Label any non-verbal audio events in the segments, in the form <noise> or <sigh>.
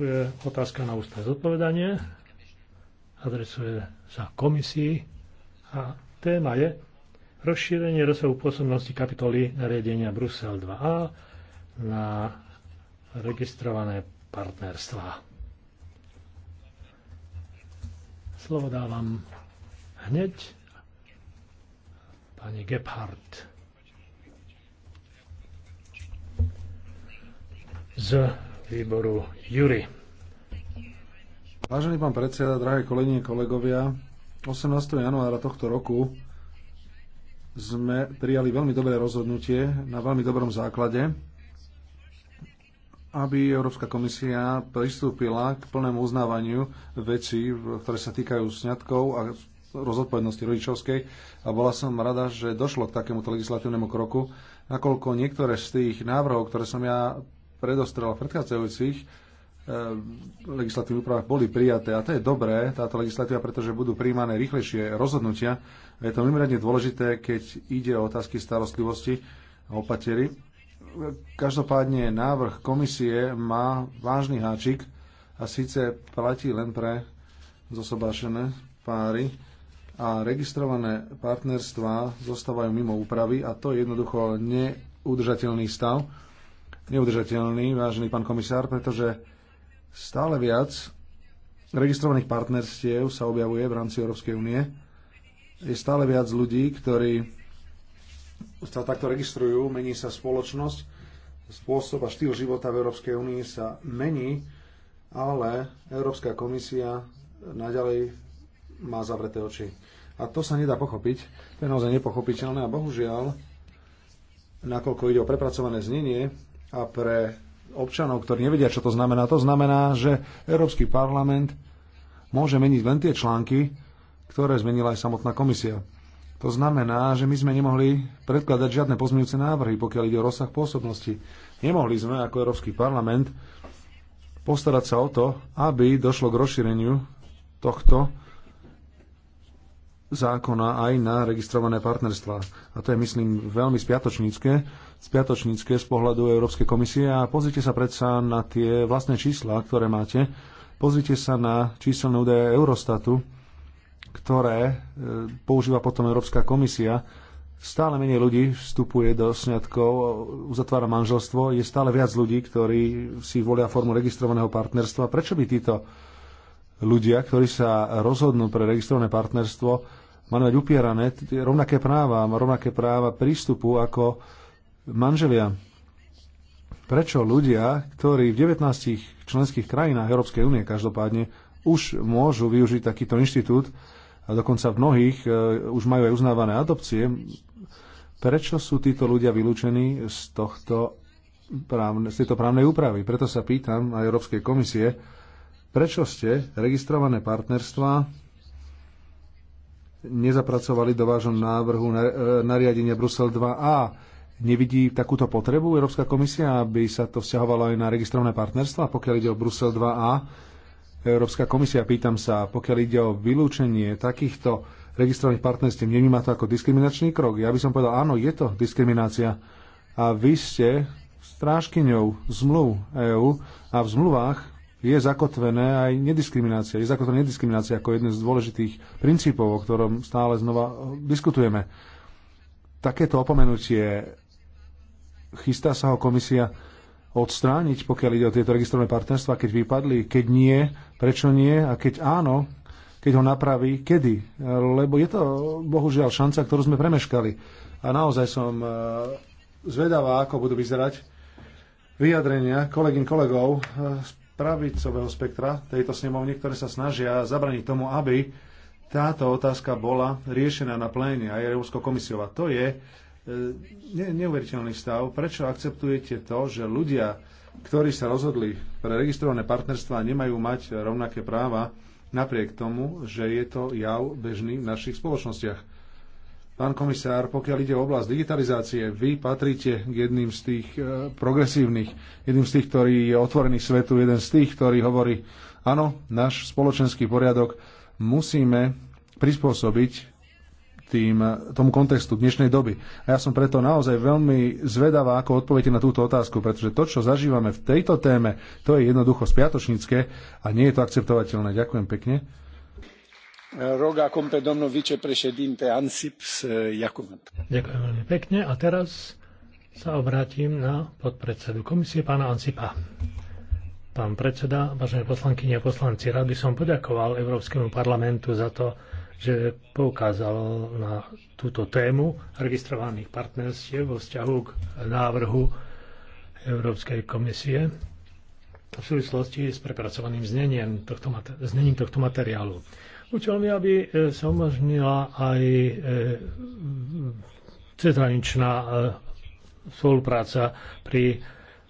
Tu je otázka na ústne zodpovedanie. Adresuje sa komisii a téma je rozšírenie rozsahu pôsobnosti kapitoly nariadenia Brusel 2a na registrované partnerstvá. Slovo dávam hneď pani Gebhardt. Z výboru Jury. Vážený pán predseda, drahé kolegyne, kolegovia, 18. januára tohto roku sme prijali veľmi dobré rozhodnutie na veľmi dobrom základe, aby Európska komisia pristúpila k plnému uznávaniu vecí, ktoré sa týkajú sňatkov a rozodpovednosti rodičovskej a bola som rada, že došlo k takémuto legislatívnemu kroku, nakoľko niektoré z tých návrhov, ktoré som ja predostrela v predchádzajúcich eh, legislatívnych úpravách boli prijaté. A to je dobré, táto legislatíva, pretože budú príjmané rýchlejšie rozhodnutia. A je to mimoriadne dôležité, keď ide o otázky starostlivosti a opatery. Každopádne návrh komisie má vážny háčik a síce platí len pre zosobášené páry a registrované partnerstvá zostávajú mimo úpravy a to je jednoducho neudržateľný stav neudržateľný, vážený pán komisár, pretože stále viac registrovaných partnerstiev sa objavuje v rámci Európskej únie. Je stále viac ľudí, ktorí sa takto registrujú, mení sa spoločnosť, spôsob a štýl života v Európskej únii sa mení, ale Európska komisia naďalej má zavreté oči. A to sa nedá pochopiť. To je naozaj nepochopiteľné a bohužiaľ, nakoľko ide o prepracované znenie, a pre občanov, ktorí nevedia, čo to znamená, to znamená, že Európsky parlament môže meniť len tie články, ktoré zmenila aj samotná komisia. To znamená, že my sme nemohli predkladať žiadne pozmeňujúce návrhy, pokiaľ ide o rozsah pôsobnosti. Nemohli sme ako Európsky parlament postarať sa o to, aby došlo k rozšíreniu tohto zákona aj na registrované partnerstvá. A to je, myslím, veľmi spiatočnícke, spiatočnícke z pohľadu Európskej komisie a pozrite sa predsa na tie vlastné čísla, ktoré máte. Pozrite sa na číselné údaje Eurostatu, ktoré e, používa potom Európska komisia. Stále menej ľudí vstupuje do sňatkov, uzatvára manželstvo, je stále viac ľudí, ktorí si volia formu registrovaného partnerstva. Prečo by títo ľudia, ktorí sa rozhodnú pre registrované partnerstvo, mali mať upierané rovnaké práva, rovnaké práva prístupu ako Manželia, prečo ľudia, ktorí v 19 členských krajinách Európskej únie každopádne už môžu využiť takýto inštitút a dokonca v mnohých e, už majú aj uznávané adopcie, prečo sú títo ľudia vylúčení z, tohto právne, z tejto právnej úpravy? Preto sa pýtam aj Európskej komisie, prečo ste registrované partnerstva nezapracovali do vášho návrhu e, nariadenia Brusel 2a nevidí takúto potrebu Európska komisia, aby sa to vzťahovalo aj na registrované partnerstva, pokiaľ ide o Brusel 2a. Európska komisia, pýtam sa, pokiaľ ide o vylúčenie takýchto registrovaných partnerstiev, nevníma to ako diskriminačný krok? Ja by som povedal, áno, je to diskriminácia. A vy ste strážkyňou zmluv EÚ a v zmluvách je zakotvené aj nediskriminácia. Je zakotvená nediskriminácia ako jeden z dôležitých princípov, o ktorom stále znova diskutujeme takéto opomenutie Chystá sa ho komisia odstrániť, pokiaľ ide o tieto registrované partnerstva, keď vypadli, keď nie, prečo nie a keď áno, keď ho napraví, kedy. Lebo je to bohužiaľ šanca, ktorú sme premeškali. A naozaj som eh, zvedavá, ako budú vyzerať vyjadrenia kolegyn kolegov eh, z pravicového spektra tejto snemovne, ktoré sa snažia zabraniť tomu, aby táto otázka bola riešená na pléne aj Európskou komisiou. A to je E, ne, neuveriteľný stav. Prečo akceptujete to, že ľudia, ktorí sa rozhodli pre registrované partnerstva, nemajú mať rovnaké práva, napriek tomu, že je to jav bežný v našich spoločnostiach? Pán komisár, pokiaľ ide o oblasť digitalizácie, vy patríte k jedným z tých e, progresívnych, jedným z tých, ktorý je otvorený svetu, jeden z tých, ktorý hovorí, áno, náš spoločenský poriadok musíme prispôsobiť tým, tomu kontextu dnešnej doby. A ja som preto naozaj veľmi zvedavá, ako odpoviete na túto otázku, pretože to, čo zažívame v tejto téme, to je jednoducho spiatočnícke a nie je to akceptovateľné. Ďakujem pekne. Roga kompe domno domnul Ansip eh, Ďakujem veľmi pekne a teraz sa obrátim na podpredsedu komisie pána Ansipa. Pán predseda, vážené poslankyne a poslanci, rád by som poďakoval Európskemu parlamentu za to, že poukázalo na túto tému registrovaných partnerstiev vo vzťahu k návrhu Európskej komisie v súvislosti s prepracovaným znením tohto, znením tohto materiálu. Účelom je, aby e, sa umožnila aj e, cezhraničná e, spolupráca pri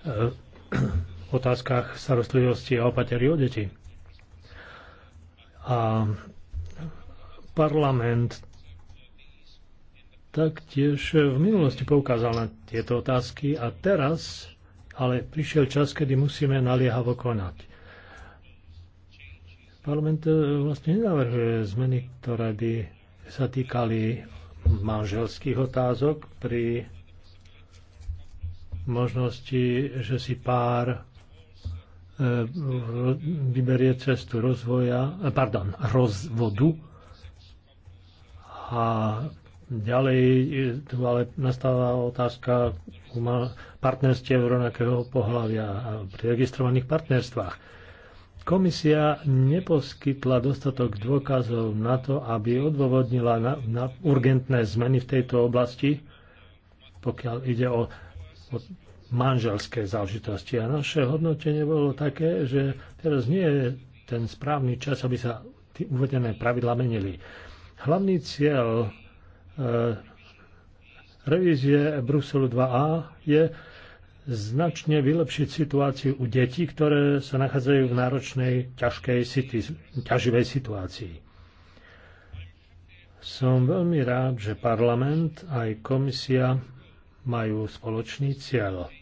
<clears throat> otázkach starostlivosti a opatery o deti. A parlament taktiež v minulosti poukázal na tieto otázky a teraz ale prišiel čas, kedy musíme naliehavo konať. Parlament eh, vlastne nenavrhuje zmeny, ktoré by sa týkali manželských otázok pri možnosti, že si pár eh, vyberie cestu rozvoja, eh, pardon, rozvodu a ďalej tu ale nastáva otázka partnerstiev rovnakého pohľavia a pri registrovaných partnerstvách. Komisia neposkytla dostatok dôkazov na to, aby odôvodnila na, na urgentné zmeny v tejto oblasti, pokiaľ ide o, o manželské záležitosti. A naše hodnotenie bolo také, že teraz nie je ten správny čas, aby sa uvedené pravidla menili. Hlavný cieľ e, revízie Bruselu 2a je značne vylepšiť situáciu u detí, ktoré sa nachádzajú v náročnej, ťažkej, ťaživej situácii. Som veľmi rád, že parlament aj komisia majú spoločný cieľ.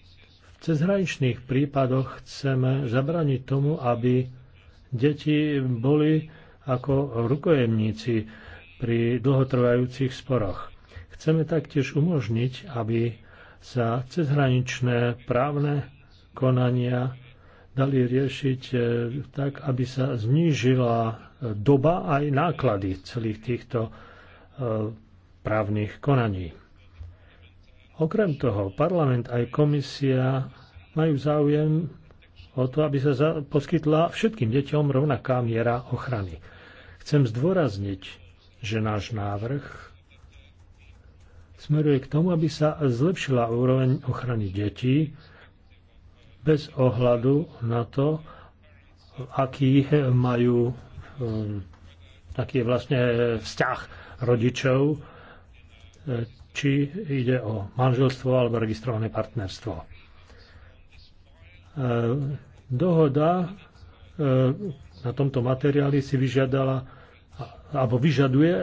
V cezhraničných prípadoch chceme zabraniť tomu, aby deti boli ako rukojemníci pri dlhotrvajúcich sporoch. Chceme taktiež umožniť, aby sa cezhraničné právne konania dali riešiť e, tak, aby sa znížila doba aj náklady celých týchto e, právnych konaní. Okrem toho, parlament aj komisia majú záujem o to, aby sa poskytla všetkým deťom rovnaká miera ochrany. Chcem zdôrazniť, že náš návrh smeruje k tomu, aby sa zlepšila úroveň ochrany detí bez ohľadu na to, um, aký majú taký vlastne vzťah rodičov, eh, či ide o manželstvo alebo registrované partnerstvo. Eh, dohoda eh, na tomto materiáli si vyžiadala alebo vyžaduje e,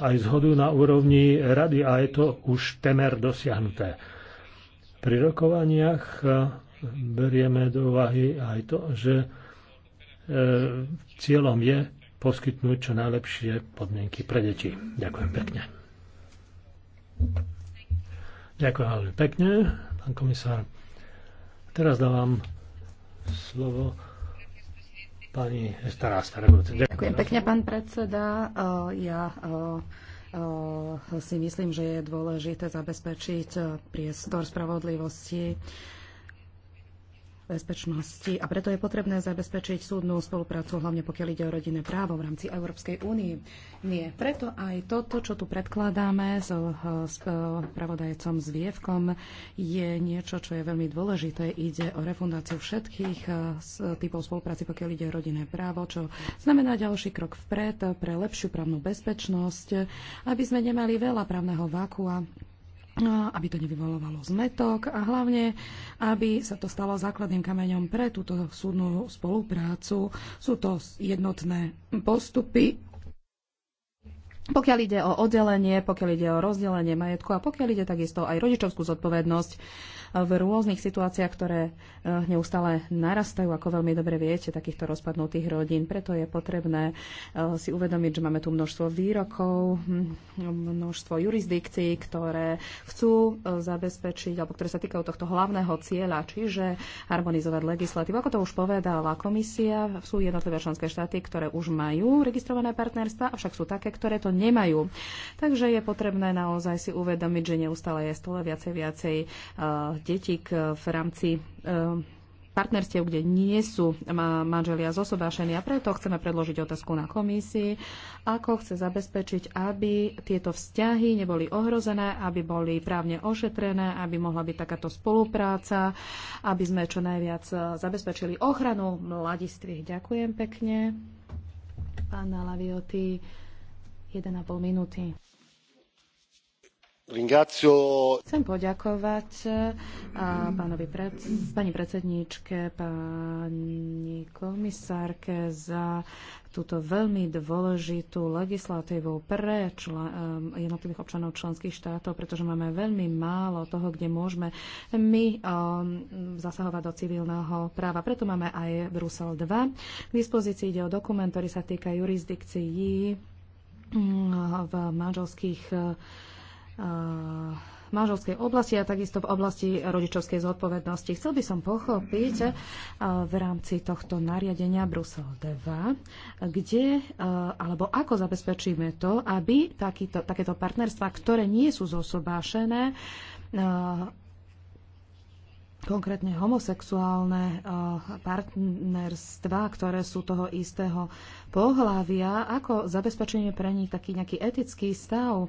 aj zhodu na úrovni rady a je to už temer dosiahnuté. Pri rokovaniach e, berieme do úvahy aj to, že e, cieľom je poskytnúť čo najlepšie podmienky pre deti. Ďakujem pekne. Ďakujem veľmi pekne, pán komisár. Teraz dávam slovo Pani stará, stará. Ďakujem pekne, pán predseda. E, ja e, e, si myslím, že je dôležité zabezpečiť priestor spravodlivosti bezpečnosti a preto je potrebné zabezpečiť súdnu spoluprácu, hlavne pokiaľ ide o rodinné právo v rámci Európskej únie. Nie. Preto aj toto, čo tu predkladáme s, e, s pravodajcom Zvievkom, je niečo, čo je veľmi dôležité. Ide o refundáciu všetkých e, typov spolupráci, pokiaľ ide o rodinné právo, čo znamená ďalší krok vpred pre lepšiu právnu bezpečnosť, aby sme nemali veľa právneho vákua aby to nevyvolovalo zmetok a hlavne, aby sa to stalo základným kameňom pre túto súdnu spoluprácu. Sú to jednotné postupy. Pokiaľ ide o oddelenie, pokiaľ ide o rozdelenie majetku a pokiaľ ide takisto aj rodičovskú zodpovednosť, v rôznych situáciách, ktoré e, neustále narastajú, ako veľmi dobre viete, takýchto rozpadnutých rodín. Preto je potrebné e, si uvedomiť, že máme tu množstvo výrokov, hm, množstvo jurisdikcií, ktoré chcú e, zabezpečiť, alebo ktoré sa týkajú tohto hlavného cieľa, čiže harmonizovať legislatívu. Ako to už povedala komisia, sú jednotlivé členské štáty, ktoré už majú registrované partnerstva, avšak sú také, ktoré to nemajú. Takže je potrebné naozaj si uvedomiť, že neustále je stále viacej viacej detí k, v rámci e, partnerstiev, kde nie sú manželia zosobášení a preto chceme predložiť otázku na komisii, ako chce zabezpečiť, aby tieto vzťahy neboli ohrozené, aby boli právne ošetrené, aby mohla byť takáto spolupráca, aby sme čo najviac e, zabezpečili ochranu mladistvých. Ďakujem pekne. Pána Lavioty, 1,5 minúty. Chcem poďakovať eh, pánovi pred, pani predsedníčke, pani komisárke za túto veľmi dôležitú legislatívu pre člen, eh, jednotlivých občanov členských štátov, pretože máme veľmi málo toho, kde môžeme my um, zasahovať do civilného práva. Preto máme aj Brusel 2. K dispozícii ide o dokument, ktorý sa týka jurisdikcií mm, v manželských Eh, manželskej oblasti a takisto v oblasti rodičovskej zodpovednosti. Chcel by som pochopiť eh, v rámci tohto nariadenia Brusel 2, kde eh, alebo ako zabezpečíme to, aby takýto, takéto partnerstva, ktoré nie sú zosobášené, konkrétne homosexuálne eh, partnerstva, ktoré sú toho istého pohľavia, ako zabezpečenie pre nich taký nejaký etický stav. Eh,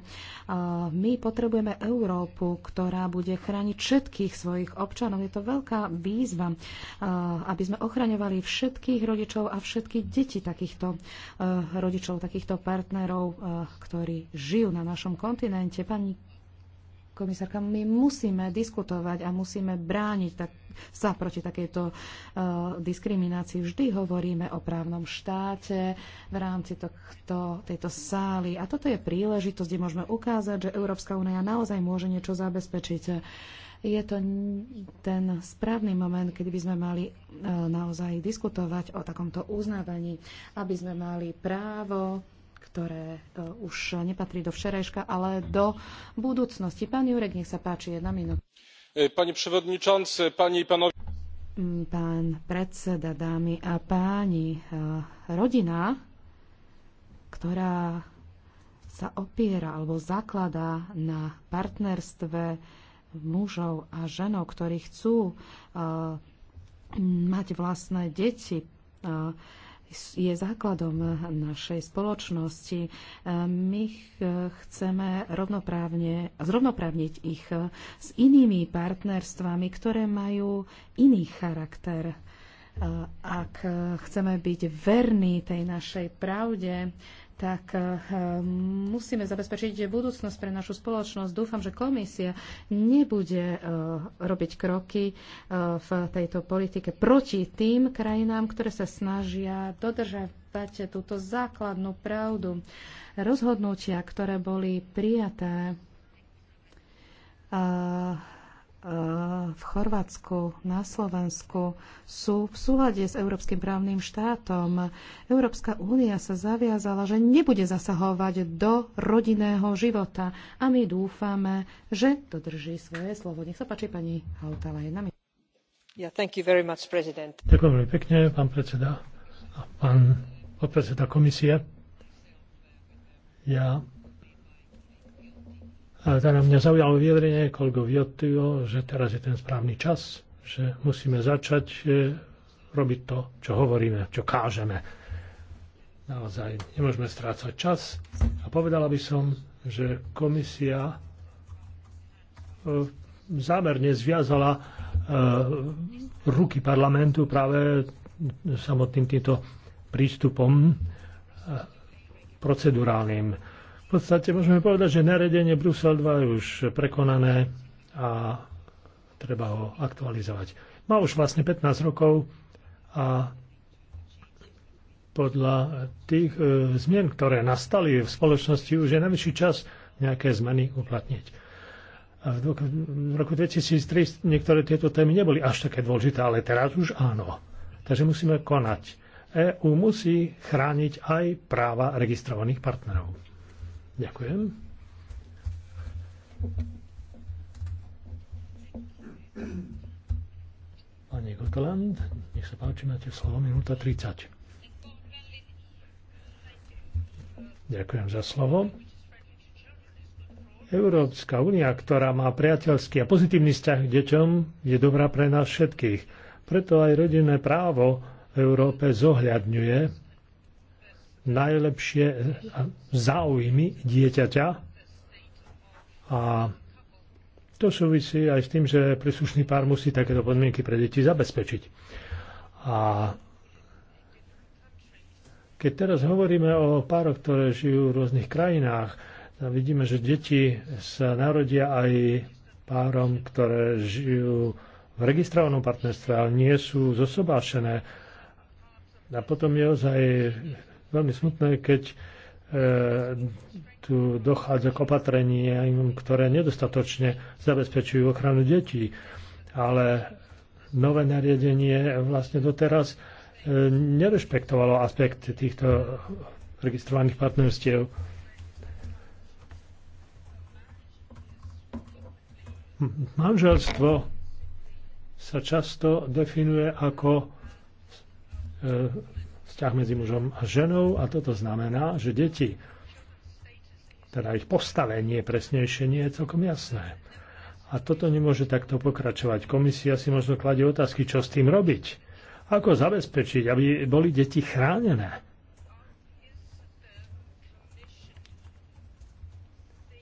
my potrebujeme Európu, ktorá bude chrániť všetkých svojich občanov. Je to veľká výzva, eh, aby sme ochraňovali všetkých rodičov a všetky deti takýchto rodičov, takýchto partnerov, ktorí žijú na našom kontinente. Pani komisárka, my musíme diskutovať a musíme brániť tak, sa proti takejto uh, diskriminácii. Vždy hovoríme o právnom štáte v rámci tohto, tejto sály. A toto je príležitosť, kde môžeme ukázať, že Európska únia naozaj môže niečo zabezpečiť je to ten správny moment, kedy by sme mali e, naozaj diskutovať o takomto uznávaní, aby sme mali právo ktoré e, už nepatrí do včerajška, ale do budúcnosti. Pán Jurek, nech sa páči, jedna minúta. E, pani przewodniczący, pani i panowie. Mm, pán predseda, dámy a páni, e, rodina, ktorá sa opiera alebo zakladá na partnerstve mužov a ženov, ktorí chcú mať vlastné deti, je základom našej spoločnosti. My chceme rovnoprávne, zrovnoprávniť ich s inými partnerstvami, ktoré majú iný charakter. Ak chceme byť verní tej našej pravde, tak eh, eh, musíme zabezpečiť budúcnosť pre našu spoločnosť. Dúfam, že komisia nebude eh, robiť kroky v tejto politike proti tým krajinám, ktoré sa snažia dodržať túto základnú pravdu. Rozhodnutia, ktoré boli prijaté, Eh, v Chorvátsku, na Slovensku sú v súlade s Európskym právnym štátom. Európska únia sa zaviazala, že nebude zasahovať do rodinného života a my dúfame, že dodrží svoje slovo. Nech sa páči, pani Hautala, jedna minúta. Yeah, thank you very much, president. Ďakujem veľmi pekne, pán predseda a pán podpredseda komisie. Ja teda mňa zaujalo vyjadrenie kolego Viotio, že teraz je ten správny čas, že musíme začať e, robiť to, čo hovoríme, čo kážeme. Naozaj nemôžeme strácať čas. A povedala by som, že komisia e, zámerne zviazala e, ruky parlamentu práve samotným týmto prístupom procedurálnym v podstate môžeme povedať, že naredenie Brusel 2 je už prekonané a treba ho aktualizovať. Má už vlastne 15 rokov a podľa tých e, zmien, ktoré nastali v spoločnosti, už je najvyšší čas nejaké zmeny uplatniť. A v, v roku 2003 niektoré tieto témy neboli až také dôležité, ale teraz už áno. Takže musíme konať. EU musí chrániť aj práva registrovaných partnerov. Ďakujem. Pani Goteland, nech sa páči, máte slovo minúta 30. Ďakujem za slovo. Európska únia, ktorá má priateľský a pozitívny vzťah k deťom, je dobrá pre nás všetkých. Preto aj rodinné právo v Európe zohľadňuje najlepšie záujmy dieťaťa a to súvisí aj s tým, že príslušný pár musí takéto podmienky pre deti zabezpečiť. A keď teraz hovoríme o pároch, ktoré žijú v rôznych krajinách, vidíme, že deti sa narodia aj párom, ktoré žijú v registrovanom partnerstve, ale nie sú zosobášené. A potom je ozaj veľmi smutné, keď e, tu dochádza k opatreniam, ktoré nedostatočne zabezpečujú ochranu detí. Ale nové nariadenie vlastne doteraz e, nerešpektovalo aspekt týchto registrovaných partnerstiev. Manželstvo sa často definuje ako e, vzťah medzi mužom a ženou a toto znamená, že deti, teda ich postavenie presnejšie nie je celkom jasné. A toto nemôže takto pokračovať. Komisia si možno kladie otázky, čo s tým robiť. Ako zabezpečiť, aby boli deti chránené.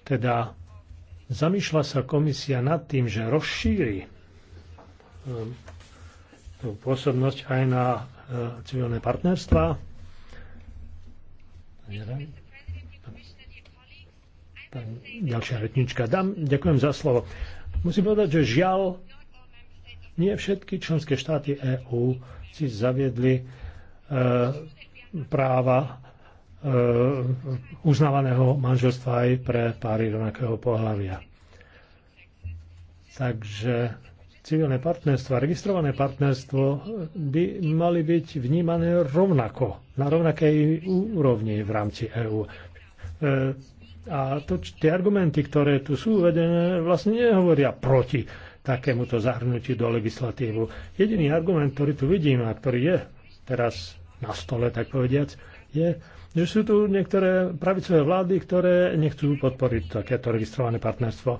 Teda zamýšľa sa komisia nad tým, že rozšíri ehm, pôsobnosť aj na e, civilné partnerstva? Ďalšia retnička. Dám, ďakujem za slovo. Musím povedať, že žiaľ, nie všetky členské štáty EÚ si zaviedli e, práva e, uznávaného manželstva aj pre páry rovnakého pohľavia. Takže civilné partnerstvo a registrované partnerstvo by mali byť vnímané rovnako, na rovnakej úrovni v rámci EÚ. E, a to, tie argumenty, ktoré tu sú uvedené, vlastne nehovoria proti takémuto zahrnutiu do legislatívu. Jediný argument, ktorý tu vidím a ktorý je teraz na stole, tak povediac, je, že sú tu niektoré pravicové vlády, ktoré nechcú podporiť takéto registrované partnerstvo.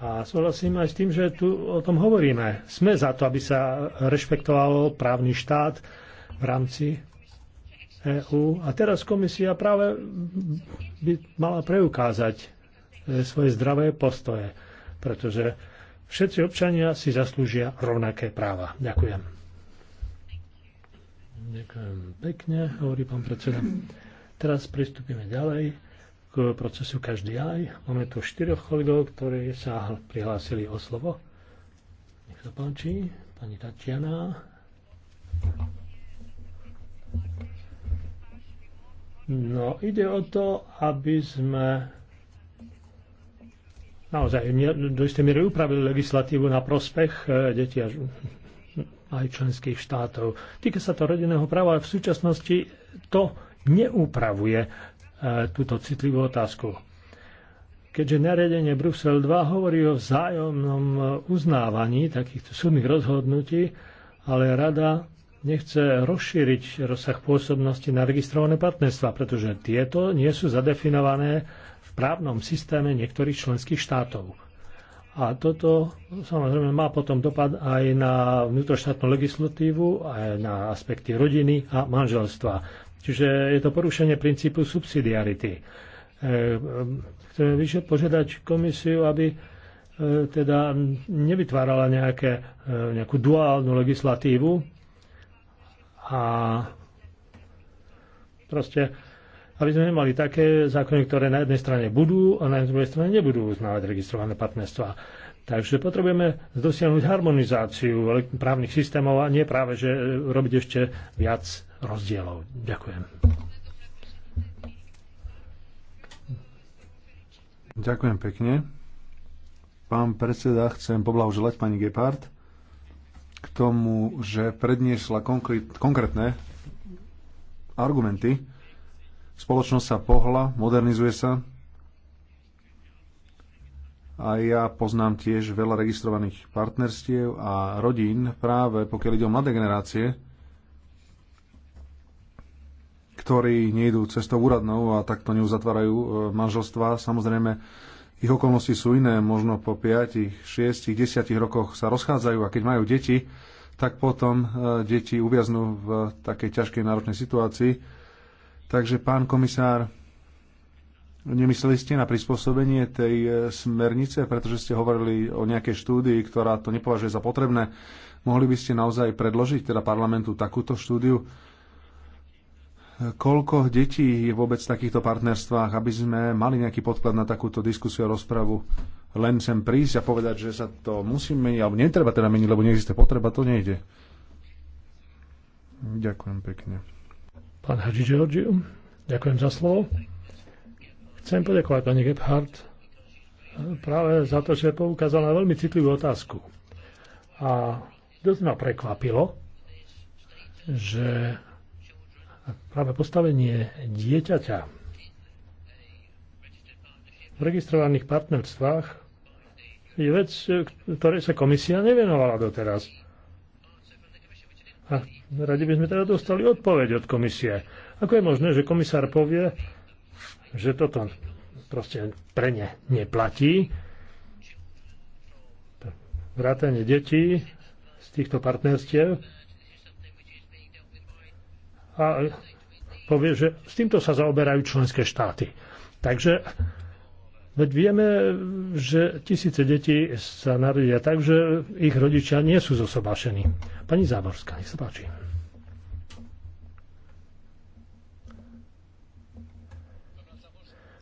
A súhlasím aj s tým, že tu o tom hovoríme. Sme za to, aby sa rešpektoval právny štát v rámci EÚ. A teraz komisia práve by mala preukázať e, svoje zdravé postoje, pretože všetci občania si zaslúžia rovnaké práva. Ďakujem. Ďakujem pekne, hovorí pán predseda. Teraz pristúpime ďalej k procesu každý aj. Máme tu štyroch kolegov, ktorí sa prihlásili o slovo. Nech sa páči, pani Tatiana. No, ide o to, aby sme naozaj do istej miery upravili legislatívu na prospech e, detí a aj členských štátov. Týka sa to rodinného práva, ale v súčasnosti to neupravuje túto citlivú otázku. Keďže nariadenie Brusel 2 hovorí o vzájomnom e, uznávaní takýchto súdnych rozhodnutí, ale rada nechce rozšíriť rozsah pôsobnosti na registrované partnerstva, pretože tieto nie sú zadefinované v právnom systéme niektorých členských štátov. A toto samozrejme má potom dopad aj na vnútroštátnu legislatívu, aj na aspekty rodiny a manželstva. Čiže je to porušenie princípu subsidiarity. Chceme eh, požiadať komisiu, aby eh, teda nevytvárala nejaké, eh, nejakú duálnu legislatívu a proste aby sme nemali také zákony, ktoré na jednej strane budú a na druhej strane nebudú uznávať registrované partnerstva. Takže potrebujeme dosiahnuť harmonizáciu právnych systémov a nie práve, že e, robiť ešte viac rozdielov. Ďakujem. Ďakujem pekne. Pán predseda, chcem poblahoželať pani Gepard k tomu, že predniesla konkrétne argumenty. Spoločnosť sa pohla, modernizuje sa, a ja poznám tiež veľa registrovaných partnerstiev a rodín, práve pokiaľ ide o mladé generácie, ktorí nejdú cestou úradnou a takto neuzatvárajú e, manželstva. Samozrejme, ich okolnosti sú iné, možno po 5, 6, 10 rokoch sa rozchádzajú a keď majú deti, tak potom e, deti uviaznú v takej ťažkej náročnej situácii. Takže pán komisár, Nemysleli ste na prispôsobenie tej e, smernice, pretože ste hovorili o nejakej štúdii, ktorá to nepovažuje za potrebné. Mohli by ste naozaj predložiť teda parlamentu takúto štúdiu? Koľko detí je vôbec v takýchto partnerstvách, aby sme mali nejaký podklad na takúto diskusiu a rozpravu? Len sem prísť a povedať, že sa to musí meniť, alebo netreba teda meniť, lebo neexistuje potreba, to nejde. Ďakujem pekne. Pán Hadži ďakujem za slovo. Chcem poďakovať pani Gebhardt eh, práve za to, že poukázala na veľmi citlivú otázku. A dosť ma prekvapilo, že práve postavenie dieťaťa v registrovaných partnerstvách je vec, ktorej sa komisia nevenovala doteraz. A radi by sme teda dostali odpoveď od komisie. Ako je možné, že komisár povie, že toto proste pre ne neplatí. Vrátanie detí z týchto partnerstiev a povie, že s týmto sa zaoberajú členské štáty. Takže veď vieme, že tisíce detí sa narodia tak, že ich rodičia nie sú zosobášení. Pani Záborská, nech sa páči.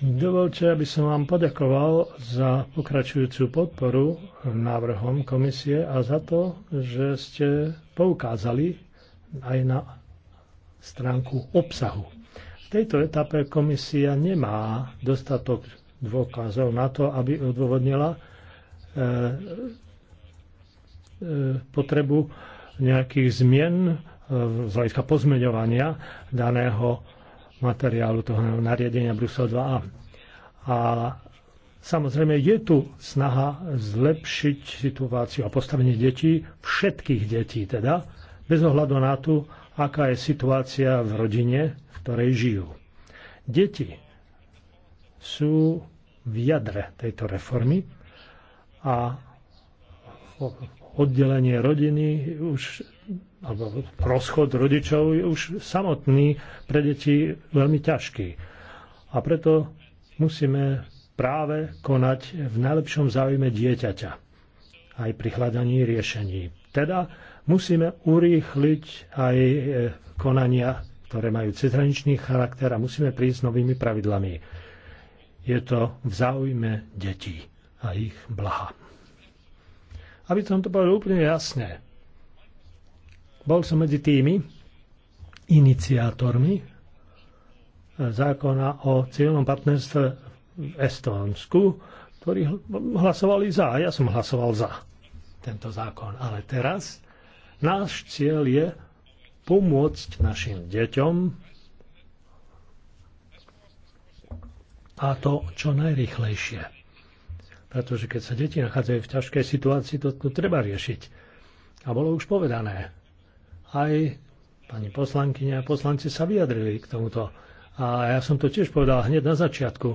Dovolte, aby som vám poďakoval za pokračujúcu podporu návrhom komisie a za to, že ste poukázali aj na stránku obsahu. V tejto etape komisia nemá dostatok dôkazov na to, aby odôvodnila e, e, potrebu nejakých zmien e, z hľadiska pozmeňovania daného materiálu toho nariadenia Brusel 2a. A samozrejme je tu snaha zlepšiť situáciu a postavenie detí, všetkých detí teda, bez ohľadu na to, aká je situácia v rodine, v ktorej žijú. Deti sú v jadre tejto reformy a oddelenie rodiny už alebo rozchod rodičov je už samotný pre deti veľmi ťažký. A preto musíme práve konať v najlepšom záujme dieťaťa aj pri hľadaní riešení. Teda musíme urýchliť aj e, konania, ktoré majú cezhraničný charakter a musíme prísť s novými pravidlami. Je to v záujme detí a ich blaha. Aby som to povedal úplne jasne. Bol som medzi tými iniciátormi eh, zákona o civilnom partnerstve v Estónsku, ktorí hlasovali za. Ja som hlasoval za tento zákon. Ale teraz náš cieľ je pomôcť našim deťom a to čo najrychlejšie. Pretože keď sa deti nachádzajú v ťažkej situácii, to, to treba riešiť. A bolo už povedané. Aj pani poslankyňa a poslanci sa vyjadrili k tomuto. A ja som to tiež povedal hneď na začiatku,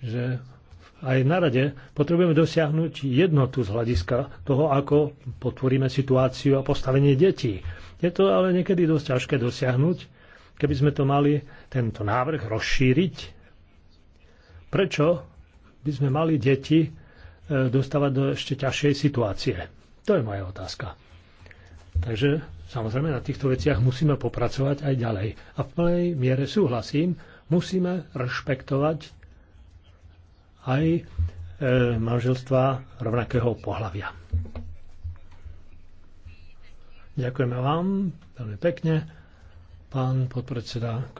že aj na rade potrebujeme dosiahnuť jednotu z hľadiska toho, ako potvoríme situáciu a postavenie detí. Je to ale niekedy dosť ťažké dosiahnuť, keby sme to mali tento návrh rozšíriť. Prečo by sme mali deti e, dostávať do ešte ťažšej situácie? To je moja otázka. Takže samozrejme na týchto veciach musíme popracovať aj ďalej. A v plnej miere súhlasím, musíme rešpektovať aj e, manželstva rovnakého pohľavia. Ďakujeme vám veľmi pekne, pán podpredseda.